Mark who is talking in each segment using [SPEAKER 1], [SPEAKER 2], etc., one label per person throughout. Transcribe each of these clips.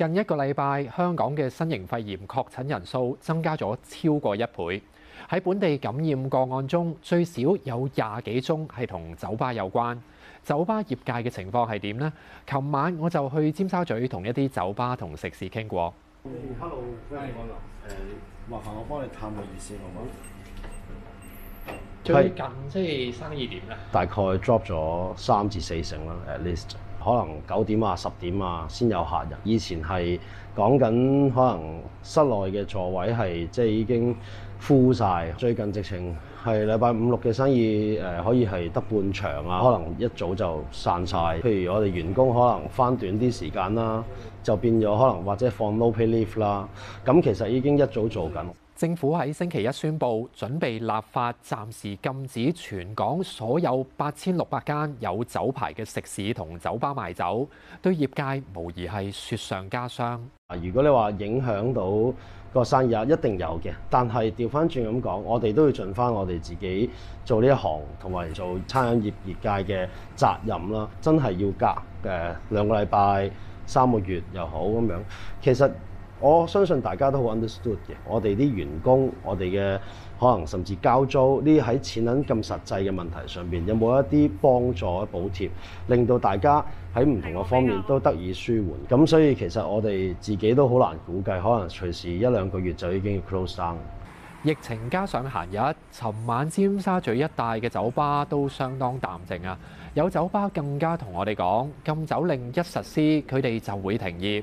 [SPEAKER 1] 近一個禮拜，香港嘅新型肺炎確診人數增加咗超過一倍。喺本地感染個案中，最少有廿幾宗係同酒吧有關。酒吧業界嘅情況係點呢？琴晚我就去尖沙咀同一啲酒吧同食肆傾過。
[SPEAKER 2] Hello，
[SPEAKER 3] 歡迎光臨。誒，麻煩我幫你探個熱線，好嗎？最近
[SPEAKER 1] 即係生意點呢？
[SPEAKER 3] 大概 drop 咗三至四成啦，at least。可能九點啊、十點啊，先有客人。以前係講緊，可能室內嘅座位係即係已經。呼晒，最近直情係禮拜五六嘅生意可以係得半場啊，可能一早就散晒。譬如我哋員工可能翻短啲時間啦，就變咗可能或者放 no pay leave 啦。
[SPEAKER 1] 咁其實已經一早做緊。嗯、政府喺星期一宣布，準備立法暫時禁止全港所有八千六百間有酒牌嘅食肆同酒吧賣酒，對業界無疑係雪上加霜。如果你話影
[SPEAKER 3] 響到個生意，一定有嘅。但係調翻轉咁講，我哋都要盡翻我哋自己做呢一行同埋做餐飲業業界嘅責任啦。真係要隔誒兩個禮拜、三個月又好咁樣，其實。我相信大家都好 understood 嘅，我哋啲員工，我哋嘅可能甚至交租呢喺錢銀咁實際嘅問題上面，有冇一啲幫助補貼令到大家喺唔同嘅方面都得以舒緩，咁所以其實我哋自己都好難估計可
[SPEAKER 1] 能隨時一兩個月就已經要 close down。疫情加上閒日，尋晚尖沙咀一帶嘅酒吧都相當淡靜啊，有酒吧更加同我哋講禁酒令一實施，佢哋就會停業。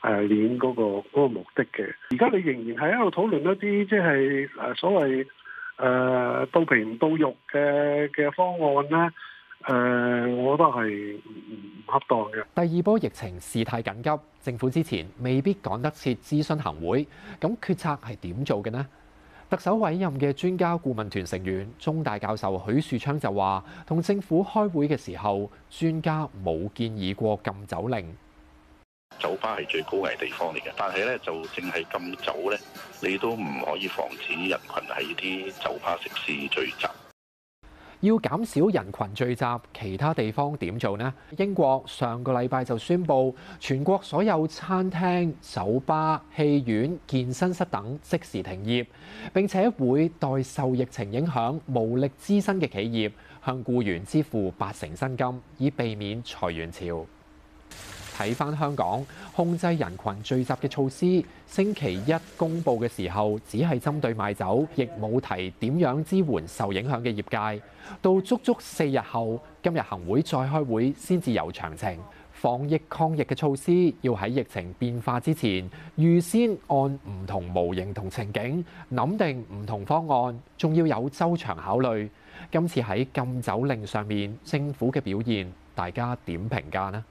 [SPEAKER 2] 誒，鏈嗰個目的嘅，而家你仍然係喺度討論一啲即係誒所謂誒到皮唔到肉嘅嘅方案咧。誒，我覺得係唔恰當嘅。
[SPEAKER 1] 第二波疫情事態緊急，政府之前未必趕得切諮詢行會，咁決策係點做嘅呢？特首委任嘅專家顧問團成員中大教授許樹昌就話：同政府開會嘅時候，專家冇建議過禁酒令。酒吧係最高危地方嚟嘅，但係咧就淨係禁酒咧，你都唔可以防止人群喺啲酒吧、食肆聚集。要減少人群聚集，其他地方點做呢？英國上個禮拜就宣布，全國所有餐廳、酒吧、戲院、健身室等即時停業，並且會代受疫情影響無力支薪嘅企業向僱員支付八成薪金，以避免裁員潮。睇翻香港控制人群聚集嘅措施，星期一公布嘅時候只係針對賣酒，亦冇提點樣支援受影響嘅業界。到足足四日後，今日行會再開會先至有詳情。防疫抗疫嘅措施要喺疫情變化之前預先按唔同模型同情景諗定唔同方案，仲要有周詳考慮。今次喺禁酒令上面，政府嘅表現大家點評價呢？